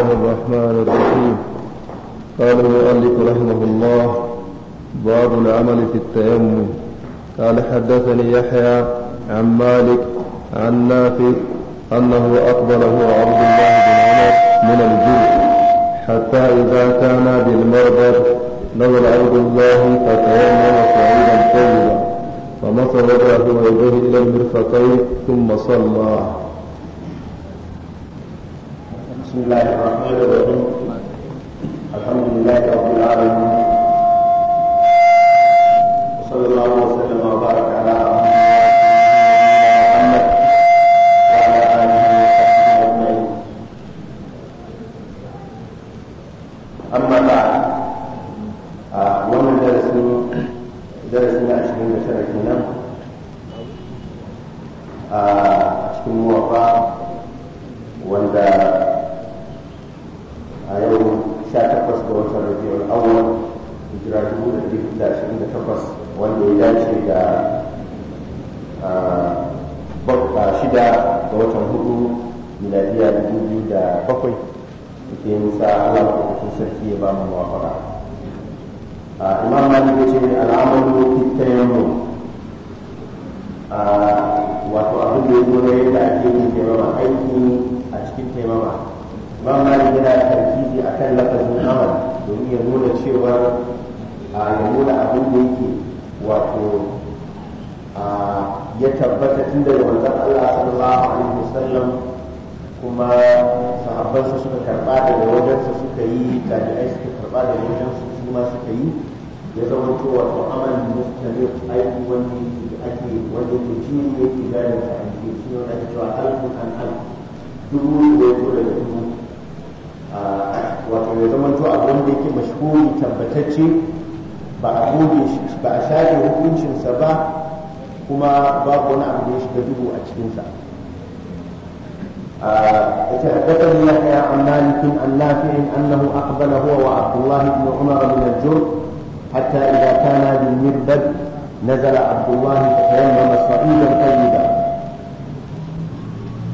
الله الرحمن الرحيم قال المؤلف رحمه الله باب العمل في التيمم قال حدثني يحيى عن مالك عن نافع أنه أقبله عبد الله بن عمر من الجوع حتى إذا كان بالمربد نزل عبد الله فتيمم صعيدا طيبا فنصب وجهه ويديه إلى المرفقين ثم صلى بسم الله الرحمن الرحيم الحمد لله رب العالمين وصلى الله وسلم وبارك على محمد وعلى اله وصحبه اجمعين اما بعد آه، ومن درس درس من عشرين سنه هنا أشكر موفق hijira dubu da dubu da ashirin da takwas wanda ya dace da shida ga watan hudu miladiya dubu biyu da bakwai ke nisa alama Allah maɗaukakin sarki ya ba mu mawafara. Imam Malik ya ce al'amalu fi tayammum wato abin da ya zo na yadda ake yin taimama aiki a cikin taimama. Imam Malik yana tarkizi akan lafazin amal domin ya nuna cewa a ya nuna abin da yake wato ya tabbata tun daga manzon Allah sallallahu alaihi wasallam kuma sahabbansa suka karba daga wajensa suka yi tabi'ai suka karba da wajensu su ma suka yi ya zama to wato amal mustamir aiki wanda ake wani ke ci ne ke gane sa a cikin shi wanda ake cewa alfu an alfu dubu ya tura daga dubu wato ya zama to abin da yake mashhuri tabbatacce ba a goge shi ba a shafe hukuncinsa ba kuma babu wani abu da dubu shiga a cikinsa a ah, ya yahya an malik an nafi' annahu aqbala huwa wa abdullah ibn umar min al-jurd hatta idha kana bil mirbad nazala abdullah fatayammama sa'idan a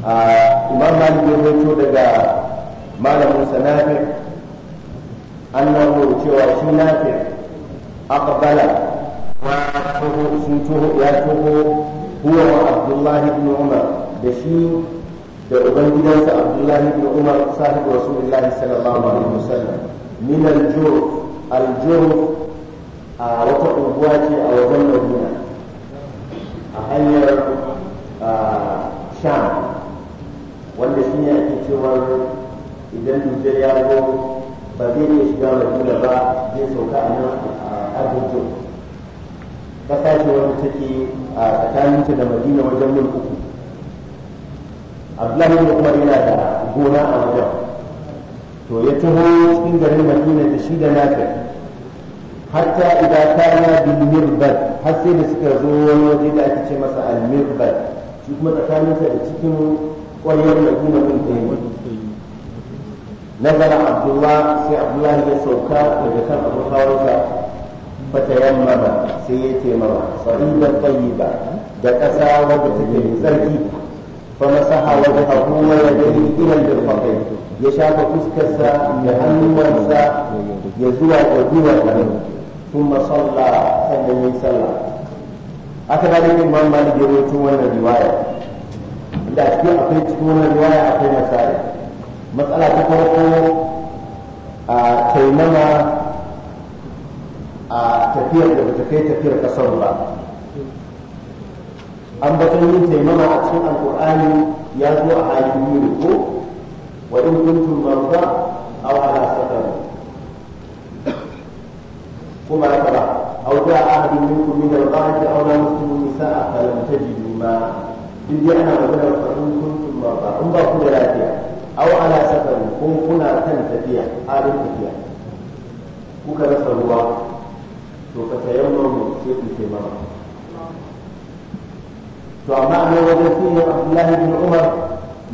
ah, imam malik ya rawaito daga malamin sanafi annahu cewa shi nafi' أقبل وشيته ياته هو وعبد الله بن عمر بشير وأبن جدنس عبد الله بن عمر صاحب رسول الله صلى الله عليه وسلم من الجرف الجرف وتقواتي أو ظن مدينة أهير شام wanda shi ne ake cewa idan dujjar ya zo ba zai iya shiga madina ba zai sauka a nan arzikin ƙasa ce wanda take a tsakaninta da madina wajen mil uku abdullahi da kuma yana da gona a wajen to ya taho cikin garin madina da shi da nafi hatta idan kana bil mirbad har sai da suka zo wani waje da ake ce masa al mirbad shi kuma tsakaninsa da cikin ƙwaryar madina mun yi. nazara Abdullahi sai abdullahi ya sauka daga kan abokawarsa fatayammama sai ya taimawa sa'ida tayyiba da kasa wadda take da tsarki fa masaha wa da hukuma ya da ila al-faqih ya shafa fuskarsa ya hannuwansa ya zuwa ga duwar da ne kuma salla sannan ya salla aka ba da imam malik ya rawaito wannan riwaya da shi akwai cikin wannan riwaya akwai masala matsala ta farko a taimama a tafiyar da bata kai tafiyar kasar ba an batun yin taimama a cikin alkur'ani ya zo a hayi ne ko wa in kuntum marda aw ala safar kuma haka ba aw da ahadin minkum min al-ghaibi aw la muslimu nisaa falam tajidu ma duk dai ana magana fa in kuntum marda in ba ku da lafiya aw ala safar ko kuna kan tafiya a halin tafiya kuka rasa ruwa to ka tayammamu sai ce to amma a nan wajen sunan abdullahi bin umar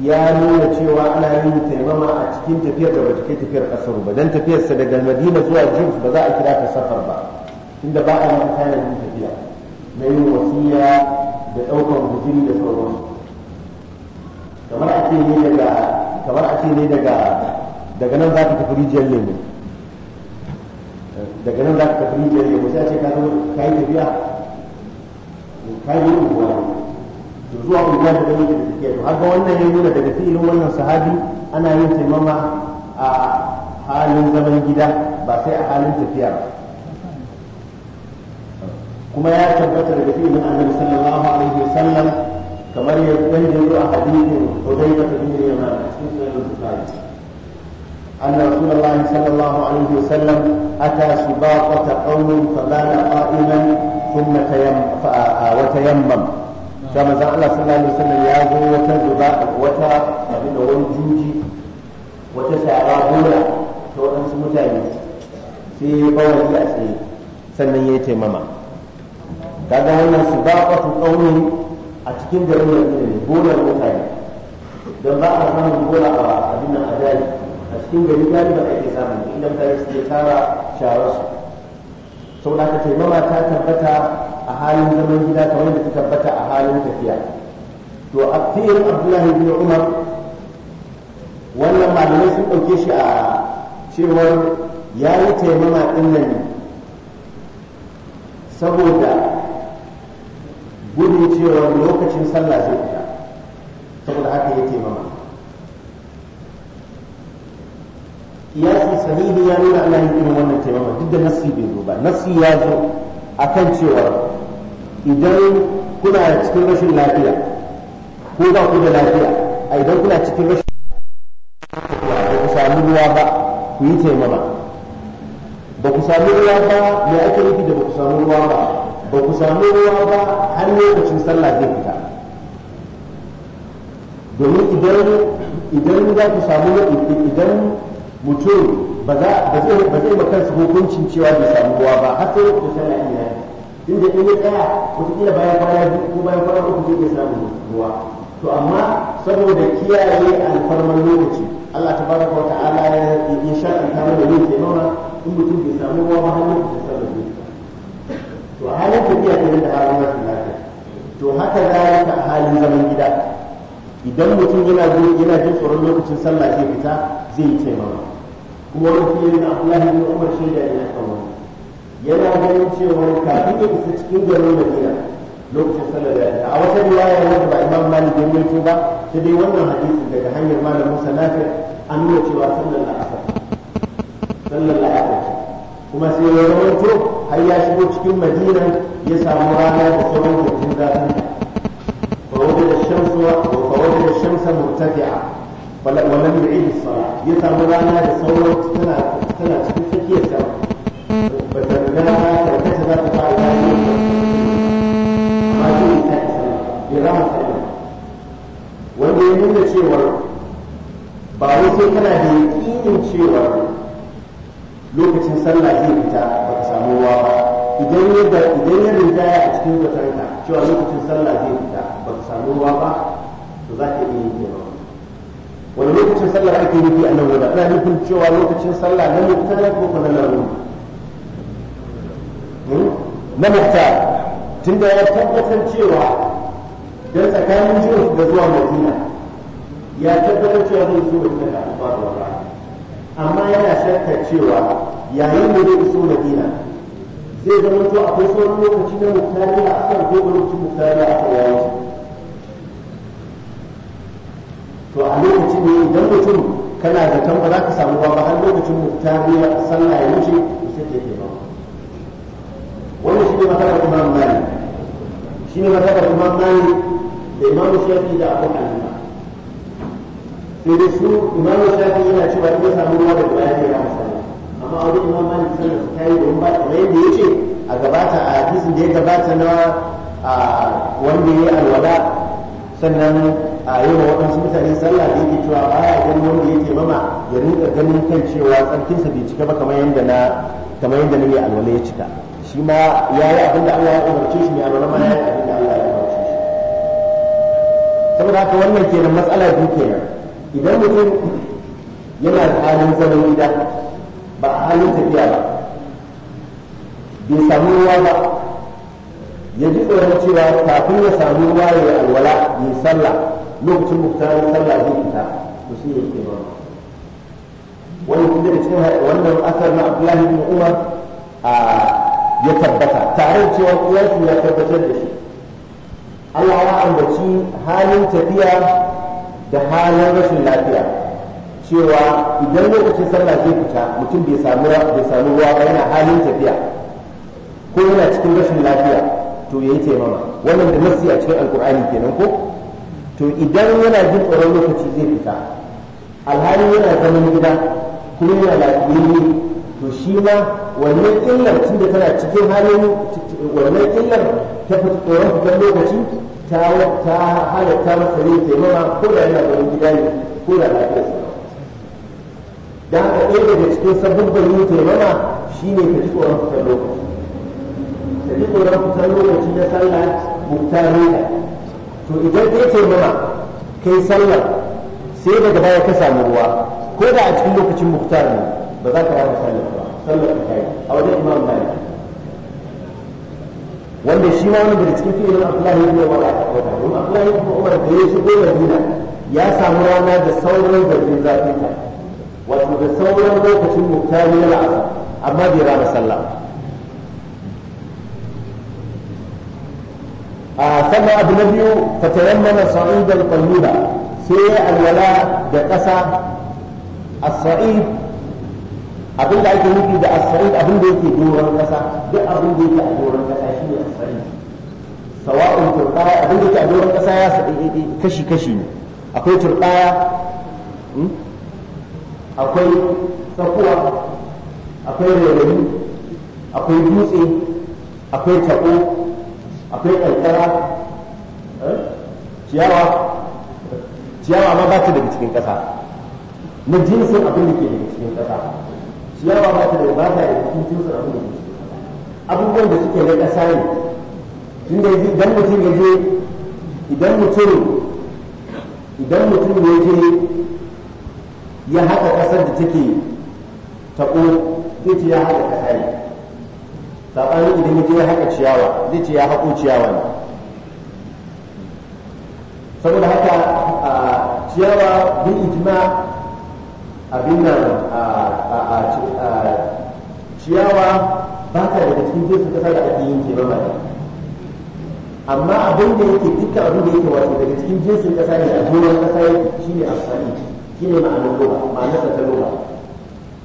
ya nuna cewa ana yin taimama a cikin tafiyar da bata kai tafiyar kasar ba dan tafiyarsa daga madina zuwa jif ba za a kira ta safar ba inda ba a yin kayan yin tafiya na yin wasiya da ɗaukar hujiri da sauransu kamar a ce ne daga kamar a ce ne daga daga nan za ka tafi rijiyar lemu daga nan za ka tafi rijiyar yabo sai a ce ka zo ka yi tafiya ka yi unguwa to zuwa unguwa da gani da tafiya to haka wannan ya nuna daga filin wannan sahabi ana yin taimama a halin zaman gida ba sai a halin tafiya ba kuma ya tabbata daga filin annabi sallallahu alaihi wasallam kamar yadda ya zo a hadisin Hudayfa bin Yaman cikin sunan Bukhari أن رسول الله صلى الله عليه وسلم أتى سباقة قوم فبال قائما ثم تيمم وتيمم كما زعل الله صلى الله عليه وسلم يا زو وتزباء وتا أبن ونجوجي وتسعى غولا تو أنس متعين في قول يأسي سنة يتمم kaga wannan sabaqatu qaumin a cikin garin da ne bolar mutane don ba a samun bola a abin nan a daji a cikin gari galiban ake samun idan mutane suke tara shawararsu saboda haka taimama ta tabbata a halin zaman gida kamar da ta tabbata a halin tafiya to a fiyin abdullahi bin umar wannan malamai sun ɗauke shi a cewar ya yi taimama ɗin nan saboda gudun cewa lokacin sallah zai fita saboda haka ya taimama kiyasi sahihi ya nuna ana yin irin wannan taimama duk da nasi bai zo ba nasi ya zo a kan cewa idan kuna cikin rashin lafiya ko ba ku da lafiya a idan kuna cikin rashin lafiya ba ku sami ruwa ba ku yi taimama ba ku sami ruwa ba mai ake nufi da ba ku sami ruwa ba ba ku sami ruwa ba har lokacin sallah zai fita domin idan idan za ku samu idan mutum ba zai ba su hukuncin cewa bai samu kowa ba har sai lokacin sallah ɗin yayi da in ya tsaya ɗaya bayan kwana biyu ko bayan kwana uku zai iya samun kowa to amma saboda kiyaye alfarman lokaci Allah ta baraka kwa ta'ala ya yi sha'an ta mana yin taimama in mutum bai samu kowa ba har da sallah ɗin to a halin tafiya ne da halin masu lafiya to haka zalika a halin zaman gida idan mutum yana jin tsoron lokacin sallah zai fita zai ce ma kuma wani fiye na Abdullahi ne kuma shaida da yana kawo yana ganin cewa kafin ya isa cikin garin Madina lokacin sallar da a wata riwaya da ba Imam Malik ya rawaito ba ta dai wannan hadisi daga hanyar Malam Musa Nafi an nuna cewa sallar la'asar sallar la'asar kuma sai ya rawaito har ya shigo cikin Madina ya samu rana da sauran jirgin zafin فوجد الشمس da shamsa مرتفعة wannan da yin sala ya samu rana da sauran tana tana cikin tsakiyar ta. ba ta riga rana ta kace za ta fara ta yi ba shi ta ya rama ta wanda ya nuna cewa ba wai sai kana da yakinin cewa lokacin sallah zai fita ba ka samu ruwa ba idan ya da idan ya rinjaya a cikin zatanka cewa lokacin sallah zai fita ba ka samu ruwa ba to za ka iya yin ba. wani lokacin sallar ake nufi a nan wajen ana nufin cewa lokacin sallah na muktar ko kuma na laruri hmm? na tun tunda ya tabbatar cewa don tsakanin jiran da zuwa madina ya tabbatar cewa zai so da da alfa da wara amma yana shakka cewa yayin da zai iso madina zai zama to akwai sauran lokaci na muktari a kan ko lokacin muktari a kan yawon to a lokacin ne idan mutum kana zaton ba za ka samu ba har lokacin muktariya sallah ya wuce sai ke ba wannan shi ne matsalar imam mali shi ne matsalar imam mali da imam shafi da abu hanifa sai dai su imam shafi yana cewa in ya samu ruwa da ruwa ne ya masa amma a wurin imam mali sallah ta yi domin ba kamar yadda ya ce a gabata a hadisin da ya gabata na wanda ya yi alwala sannan a yi wa waɗansu mutane sallah da yake cewa ba ya ganin wanda yake mama ya rinka ganin kan cewa tsarkinsa bai cika ba kamar yadda na kamar yadda alwala ya cika shi ma ya yi abin da Allah ya umarce shi mai alwala ma ya yi abin Allah ya umarce shi saboda haka wannan ke kenan matsala ke nan idan mutum yana da halin zaman gida ba a halin tafiya ba bai samu ruwa ba ya ji tsoron cewa kafin ya samu ruwa ya alwala ya sallah lokacin muktarin sallah zai fita to shi ne ke ba wani kuma da cikin wannan asar na abdullahi bin umar a ya tabbata tare da cewa iyasu ya tabbatar da shi Allah ya ambaci halin tafiya da halin rashin lafiya cewa idan lokacin sallah zai fita mutum bai samu ruwa ba yana halin tafiya ko yana cikin rashin lafiya to yayi taimama wannan da nasi a cikin alkur'ani kenan ko to idan yana jin tsoron lokaci zai fita alhali yana zaman gida kuma yana lafiyayye to shi ma wannan illar tun da tana cikin halin wannan illar ta fi tsoron fitar lokaci ta ta halatta masa zai taimama ko da yana zaman gida ne ko da lafiyarsa da haka ɗaya daga cikin sabbin yin taimama shi ne ka ji tsoron fitar lokaci ka ji tsoron fitar lokaci na sallah muktar to idan ka ce mana kai sallar sai daga baya ka samu ruwa ko da a cikin lokacin muktar ne ba za ka rama sallar ba sallar ka kai a wajen imam malik wanda shi ma wani daga cikin fi'ilin abdullahi ibn umar a kawata don abdullahi ibn umar da ya shigo madina ya samu rana da sauran garin zafin ta wato da sauran lokacin muktari na la'asar amma bai rama sallah a abu na biyu ta tayammana sa'idal qayyida sai ya alwala da ƙasa as-sa'id abin da ake nufi da as-sa'id abin da yake doron ƙasa duk abin da yake a doron ƙasa shi ne as-sa'id sawa'un turqaya abin da yake a doron ƙasa ya kashi kashi ne akwai turqaya akwai tsakuwa akwai rairayi akwai dutse akwai taɓo akwai kankara eh? ciyawa ciyawa ma ba ta daga cikin ƙasa na jinsin abin da ke daga cikin ƙasa ciyawa ba ta daga ba ta daga cikin jinsin abin da ke cikin ƙasa abubuwan da suke na ƙasa ne tun da idan mutum ya je idan mutum idan mutum ya je ya haɗa ƙasar da take taɓo zai ce ya haɗa ƙasa ne sabanin idan mutum ya haƙa ciyawa zai ce ya haƙo ciyawa ne saboda haka ciyawa bin ijma abin nan ciyawa ba ta daga cikin jinsin kasa da ake yin kema mai amma abin da yake dukkan abin da yake wato daga cikin jinsin kasa ne a doron kasa yake shine amfani ne ma'anar roba ma'anar ta roba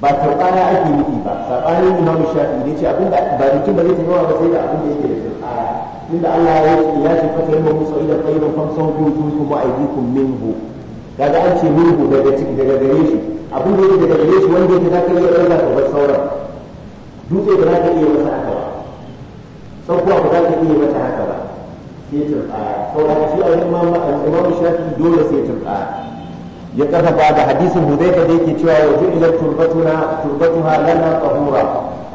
ba saɓana ake nufi ba saɓanin imam shafi ne ce abinda ba jikin ba zai tafi ba sai da abinda da yake da saɓana inda Allah ya yi ya ce fasa yamma musu idan tsayiban famsan hutu su ma aikukum minhu kaga an ce minhu daga ciki daga gare shi abin da yake daga gare shi wanda yake zaka iya ɗauka ka bar sauran dutse ba za iya masa haka ba saukuwa ba za iya mata haka ba sai turɓaya saboda shi a wani imam shafi dole sai turɓaya ya karfafa da hadisin hudayka da yake cewa wa ju'ila turbatuna turbatuha lana tahura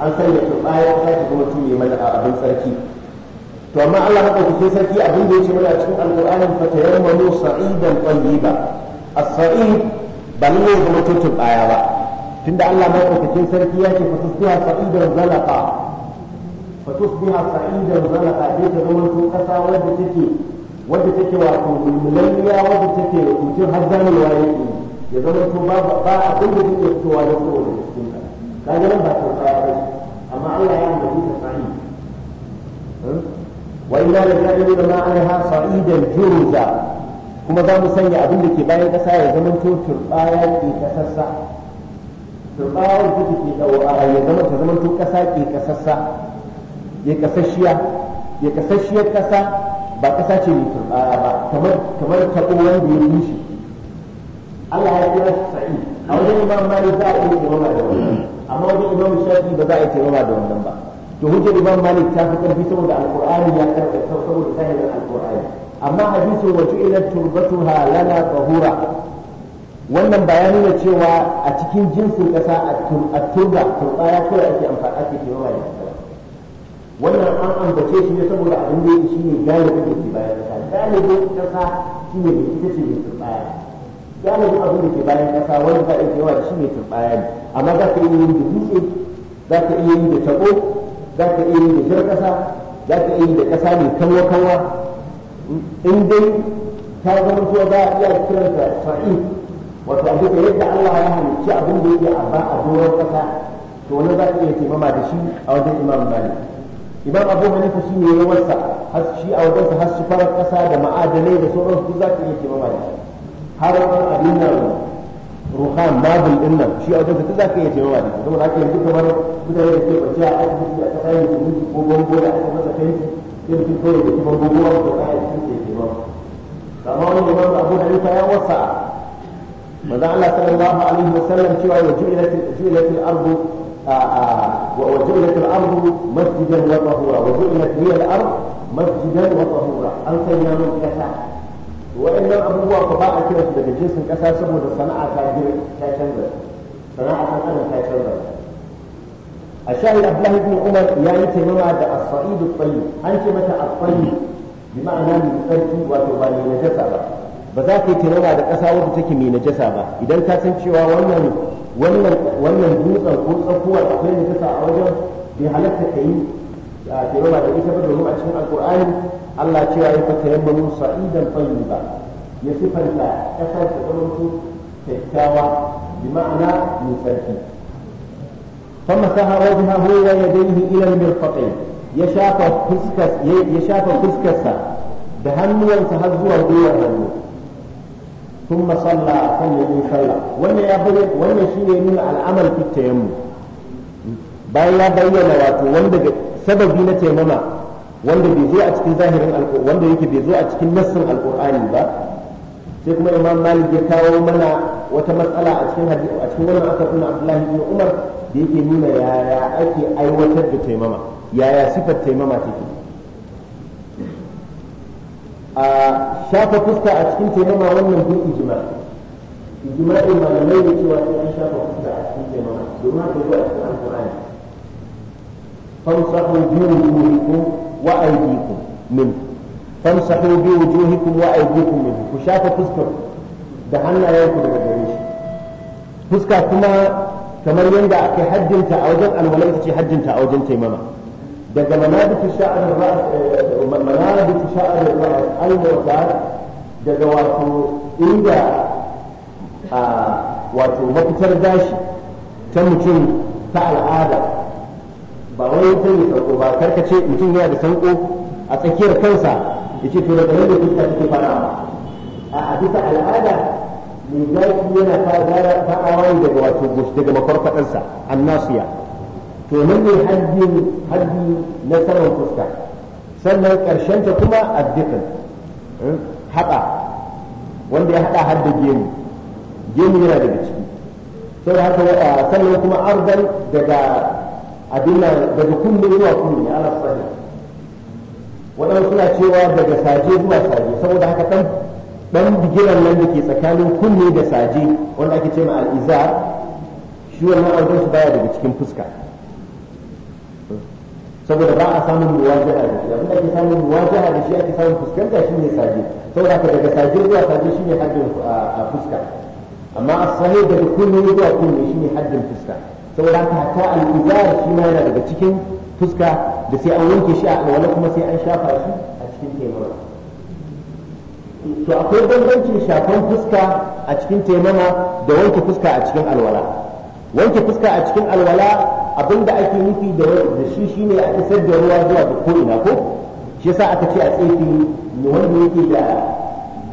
an sanya turba ya sake kuma mai mana abin sarki to amma Allah kai sarki abin da yake mana cikin alqur'anin fa tayammamu sa'idan tayyiba as-sa'id ba ne zama tutun baya ba tunda Allah madaukakin sarki ya ce fa tusbiha sa'idan zalaqa fa tusbiha sa'idan zalaqa dai ta zama to kasa wadda take wadda take wato mulmulalliya wadda take mutum har zamewa ya yi ya zama ko ba ba abin da take fitowa da kowa da cikin ka kaga nan ba ta fara amma Allah ya yi ta sa'i hmm? wa inna lillahi wa ma alaiha sa'idan juruza kuma za mu sanya abin da ke bayan kasa ya zama to turbaya ke kasassa turbaya wadda take dawo a ya zama ta zama to kasa ke kasassa ya kasasshiya ya kasassiyar kasa ba kasa ce mai turbaya ba kamar kamar tabo wanda ya bushe Allah ya kira shi sa'i a wajen imam malik za a yi taimama da wannan amma wajen imam shafi ba za a yi taimama da wannan ba to hujjar imam malik ta fi karfi saboda alqur'ani ya karɓa saboda sahihin alqur'ani amma hadisin wa ju'ilat turbatuha lana tahura wannan bayani ne cewa a cikin jinsin ƙasa a turba turbaya kawai ake amfani ake taimama da wannan an ambace shi ne saboda abin da yake ne galibi da ke bayan kasa galibin kasa shi da ita ce mai turbaya galibin abin da ke bayan kasa wanda za a yi yawa shi mai turbaya ne amma za ka iya yin da dutse za ka iya yin da tabo za ka iya yin da jar kasa za ka iya yin da kasa mai kalwa kalwa in dai ta zama cewa za a iya kiranta fa'i wato abin da yadda Allah ya halicci abin da yake a ba a doron kasa to wani za ka iya taimama da shi a wajen imam malik imam abu hanifa shi ne yawansa har shi a wajensa har su farar kasa da ma'adanai da sauransu duk za ka iya ke mamaye har wani abin nan ruhan babul din nan shi a wajensa duk za ka iya ke mamaye saboda haka yanzu kamar mutane da ke bace a asibiti a kasa yanzu mutu ko bango da aka masa kai sai mutum kawai da kuma bango ba ko kaya cikin ke ke mamaye amma wani imam abu hanifa ya wasa maza Allah sallallahu alaihi wasallam cewa ya ju'ilatil ju'ilatil ardu wa ju'ilatil ardu مسجدا وطهورا وجعلت لي الارض مسجدا وطهورا ان سيامن كسا وإنما أبوه فباء كده في جنس كسا سبب صناعة تاجر تاجر صناعة أنا تاجر الشاهد أبله بن عمر يعني تنمى الصعيد الطيب أنت متى الطيب بمعنى من تركي وتبالي نجسة ba za ka yi tunawa da ƙasa wadda take mai najasa ba idan ka san cewa wannan wannan wannan dutsen ko tsakuwar akwai najasa a wajen bai halatta ka yi a kiroma da ita ba domin a cikin alkur'ani Allah cewa ya fata yamma mun sa'idan tayyiba ya sifanta kasar ta zamanto kyakkyawa bi ma'ana mai sarki فمسح وجهه ويديه الى المرفقين يشاف fuskarsa da فسكسا har zuwa دوار hannu ثم صلى صلى صلى وانا يا وانا شيء يمين العمل في التيمم bayan ya bayyana wato wanda sababi na taimama wanda bai zo a cikin zahirin wanda yake bai zo a cikin nassin alqur'ani ba sai kuma imam malik ya kawo mana wata matsala a cikin hadisi a cikin wannan asar na abdullahi ibn umar da yake nuna yaya ake aiwatar da taimama yaya sifar taimama take a shafa fuska a cikin taimama wannan duk ijma ijma'i malamai ne cewa sai an shafa fuska a cikin taimama domin haka zuwa cikin alqur'ani famsahu bi wujuhikum wa aydikum min famsahu bi da hannayenku daga gare shi fuska kuma kamar yadda ake haddinta a wajen alwala ita ce a wajen taimama daga sha'ar manabitu sha'ar al daga wato inda a wato mafitar gashi ta mutum ta al'ada ba wani sai mai sauko ba karkace mutum yana da sauko a tsakiyar kansa ya ce to daga yadda fuska take fara a bisa al'ada mai zafi yana fara fara daga wato gushi daga mafarfaɗarsa annasiya to nan ne harbi haddi na saman fuska sannan karshen ta kuma addikin hmm, haɗa wanda ya haɗa da gemu gemu yana daga ciki sai haka sannan kuma ardan daga abinda daga kunne zuwa ya ana sani waɗansu suna cewa daga saje zuwa saje saboda haka dan dan bigiran nan da ke tsakanin kunne da saje wanda ake cewa ma al'iza shi wannan auren su baya daga cikin fuska saboda ba a samun muwajaha da shi abinda ake samun muwajaha da shi ake samun fuskanta shi ne saje saboda haka daga saje zuwa saje shi ne haddin fuska amma a sahi daga kunne zuwa kunne shi ne haddin fuska saboda haka hatta al-izar shi ma yana daga cikin fuska da sai an wanke shi a alwala kuma sai an shafa shi a cikin taimama to akwai bambancin shafan fuska a cikin taimama da wanke fuska a cikin alwala wanke fuska a cikin alwala abinda ake nufi da shi shine a isar da ruwa zuwa ga ko ina ko shi yasa aka ce a tsefi wanda yake da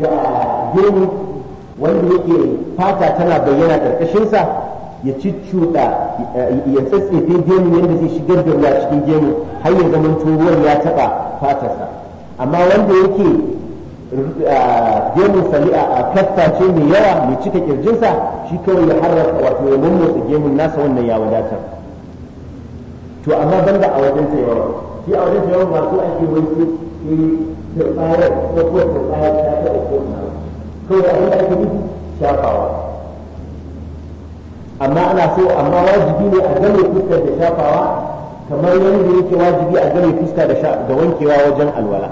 ga gemu wanda yake fata tana bayyana karkashin sa ya ciccuda ya tsatsefe gemu yadda zai shigar da ruwa cikin gemu har ya zama ruwan ya taɓa fatarsa amma wanda yake gemun sali'a a kafta ce mai yawa mai cika kirjinsa shi kawai ya harrafa wato ya mummutsa gemun nasa wannan ya wadatar to amma ban da a wajen ta tsayawa shi a wajen tsayawa ba su ake wani shi turbayar ko ko turbayar ta ta uku kawai abin da ake nufi shafawa amma ana so amma wajibi ne a game fuskar da shafawa kamar yadda yake wajibi a game fuska da wankewa wajen alwala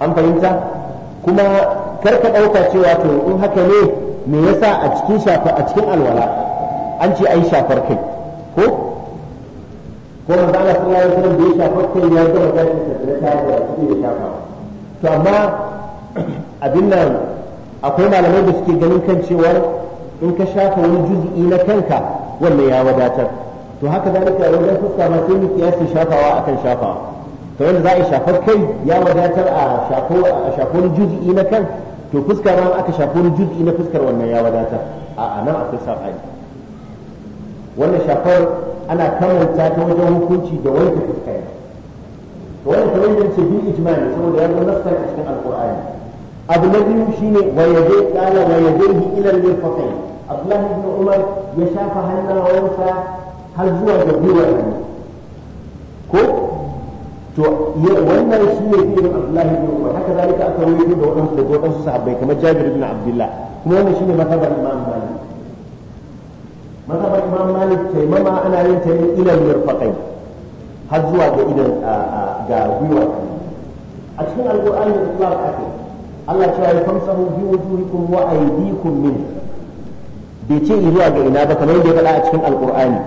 an fahimta kuma kar ka ɗauka cewa to in haka ne me yasa a cikin shafa a cikin alwala an ce ai shafar kai ko ko manzo Allah sallallahu alaihi wasallam da ya shafar kai ya ga magana da ta da shi ya shafa to amma abin nan akwai malamai da suke ganin kan cewar in ka shafa wani juz'i na kanka wannan ya wadatar to haka zalika wajen fuska ma sai mu kiyasi shafawa akan shafawa to wanda za a shafar kai ya wadatar a shafo a shafo juz'i na kan to fuska ma aka shafo juz'i na fuskar wannan ya wadatar a nan akwai sabani wannan shafar ana kamanta ta wajen hukunci da wanke fuska to wannan kamar yadda ce bi ijma'i saboda ya zo nassan a cikin alqur'ani abu na biyu shine wa yaje kana wa yajaihi ila al-mirfaqayn Abdullah ibn Umar ya shafa hannayensa har zuwa ga gwiwar hannu ko to wannan shine fi'ilin Abdullah ibn Umar haka zalika aka rawaito da wadansu da wadansu sahabbai kamar Jabir ibn Abdullah kuma wannan shine mazhabar Imam Malik mazhabar Imam Malik taimama ana yin ta ne ila al-mirfaqayn har zuwa ga idan ga gwiwar a cikin alqur'ani da Allah ake Allah cewa ya famsahu bi wujuhikum wa aydikum min bai ce zuwa ga ina ba kamar yadda ya faɗa a cikin alqur'ani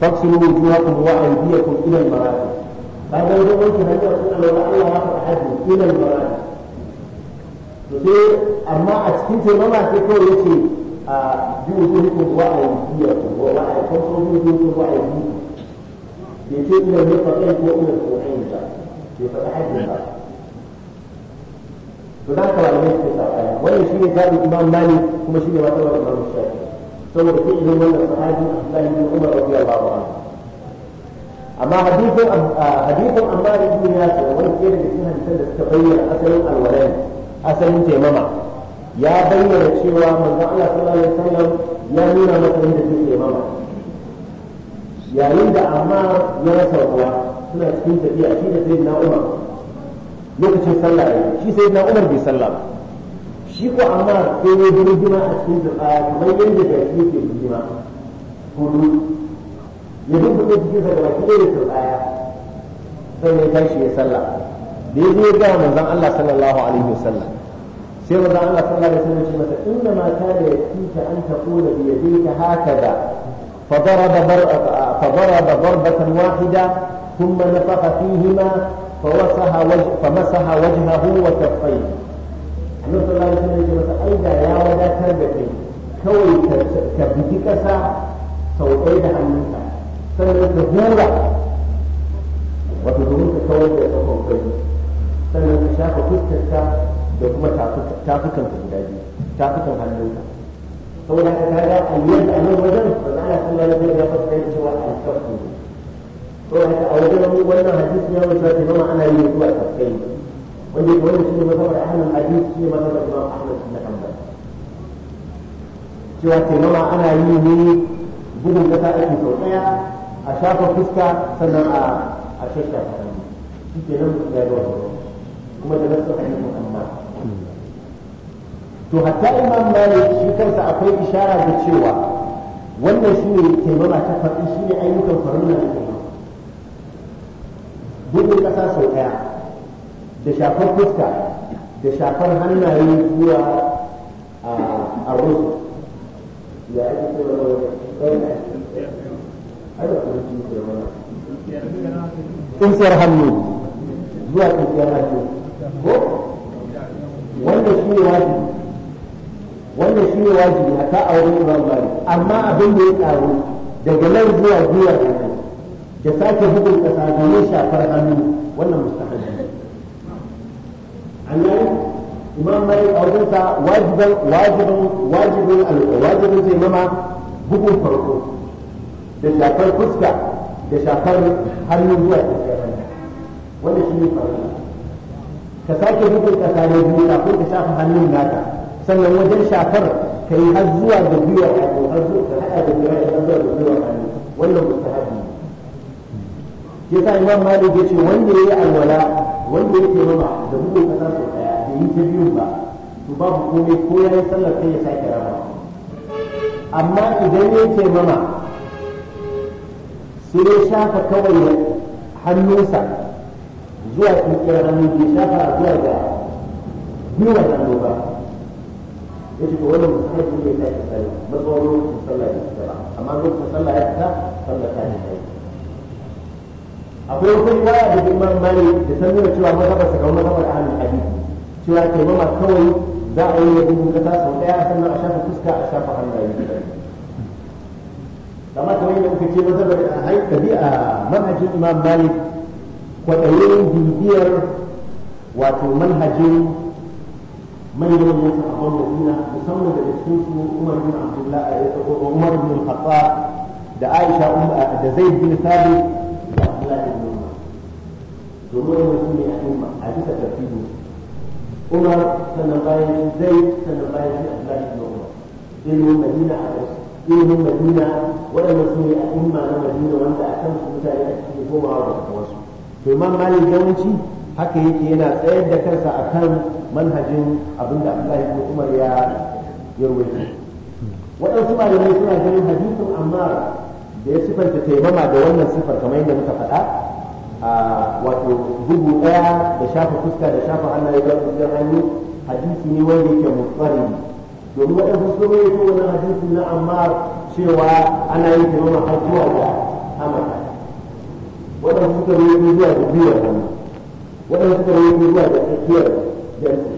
faksilu wujuhakum wa aydiyakum ila al-marafiq kaga wajen wanke hanyar sun Allah ya faɗa hajji ila al-marafiq to amma a cikin taimama sai kawai yace a bi wujuhikum wa aydiyakum wa wa aydiyakum bi wujuhikum wa aydiyakum bai ce ila al-marafiq ko ila al-qur'ani ba faɗa hajji ba to da haka malamai suke sabani wannan shine zabi imam mali kuma shi shine matsalar imam shafi saboda ke ilimin wannan sahabi abdullahi bin umar radiyallahu anhu amma hadithin hadithin ammar ibn yasir wani ke da cikin hadisan da suka bayyana asalin alwalai asalin taimama ya bayyana cewa manzo Allah sallallahu alaihi wasallam ya nuna masa inda zai taimama yayin da amma ya rasa ruwa suna cikin tafiya shi da sayyidina umar lokacin sallah yayi shi sai na Umar bai sallah ba shi ko amma sai ya rigima a cikin da kamar yadda da shi ke birgima hudu ya rubuta cikin sa gaba kiɗe da turbaya sai ya tashi ya sallah da ya zai ga manzon Allah sallallahu alaihi wasallam sai manzon Allah sallallahu alaihi wasallam ya ce masa inna da kana yakika an taqula bi yadika hakaza فضرب ضربة واحدة ثم نفخ فيهما فمسح وجه فمسح وجهه وكفيه annabi sallallahu alaihi wasallam ya masa aida ya wadatar da kai kawai ka biki kasa sau ɗaya da hannunka sannan ka hura wato domin ka kawar da kafan kai sannan ka shafa fuskarka da kuma tafukan ka guda biyu tafukan hannunka saboda ka ga a yi a nan wajen ba za a ya fasa cewa to haka a wajen mu wannan hadisi ya wuce ta zama ana yi zuwa tafsiri wanda wanda shi ne masabar ahlul hadisi shi ne masabar imam ahmad bin hanbal cewa taimama ana yi ne gudun kasa ake sau daya a shafa fuska sannan a a shasha ta hannu shi ke nan ya ga wani kuma da nasu hannun amma to hatta imam malik shi kansa akwai ishara da cewa wannan shi ne taimama ta faɗi shi ne ayyukan farunan bugun ƙasa sau ɗaya da shafar fuska da shafar hannaye zuwa a rusu ya ake tsintsiyar hannu zuwa tsintsiyar hannu ko wanda shi ne wajibi wanda shi ne wajibi a ta a wurin imam amma abin da ya ƙaru daga nan zuwa zuwa da sake hukunta sakamakon shafar hannu wannan mustahabi an gane imam malik a wajensa wajiban wajiban wajibin wajibin zai mama bugun farko da shafar fuska da shafar hannu zuwa tsakiyar hannu wanda shi ne farko ka sake hukunta sakamakon ko ka shafa hannun naka sannan wajen shafar ka yi har zuwa da biyar har zuwa da haɗa da biyar har zuwa da biyar hannu wannan mustahabi yasa imam malik ya ce wanda ya yi alwala wanda ya taimama da bugun kasa sau daya da yi ta biyun ba to babu komai ko ya yi sallar kai ya sake rama amma idan ya taimama sai ya shafa kawai hannunsa zuwa tsakiyar hannu bai shafa zuwa ga gwiwar hannu ba ya ce to wannan musulmi ne ya sake sallah matsawar lokacin sallah ya fita ba amma lokacin sallar ya fita sallar ta ne akwai wata riwaya da imam malik da san nuna cewa mazhabar sa kamar mazhabar ahlul hadith cewa taimama kawai za a yi yadin kasa sau daya sannan a shafa fuska a shafa hannaye amma kamar yadda muka ce mazhabar a haikabi a manhajin imam malik kwaɗayin bibiyar wato manhajin manyan a sahabban madina musamman daga cikin su umar bin abdullah eh, umar bin al da aisha da zai bin thabit domin wannan su ne a imma a bisa tartibin umar sannan bayan zai sannan bayan shi abdullahi ibn umar ilimin madina a ƙarshe ilimin madina waɗanda su ne a imma na madina wanda a kan su mutane a cikin komawa da wasu to imam malik yawanci haka yake yana tsayar da kansa kan manhajin abinda abdullahi ibn umar ya yarwaye waɗansu malamai suna ganin hadisin amma da ya sifanta taimama da wannan sifar kamar yadda muka faɗa wato bugu daya da shafa fuska da shafa hannaye da fuskar hannu hadisi ne wanda yake mutsari domin wadan fuskoki ne kuma wani hadisi na amma cewa ana yin taimama har zuwa da amaka wadan fuskoki ne zuwa da biyar hannu wadan fuskoki ne zuwa da tsakiyar jarsi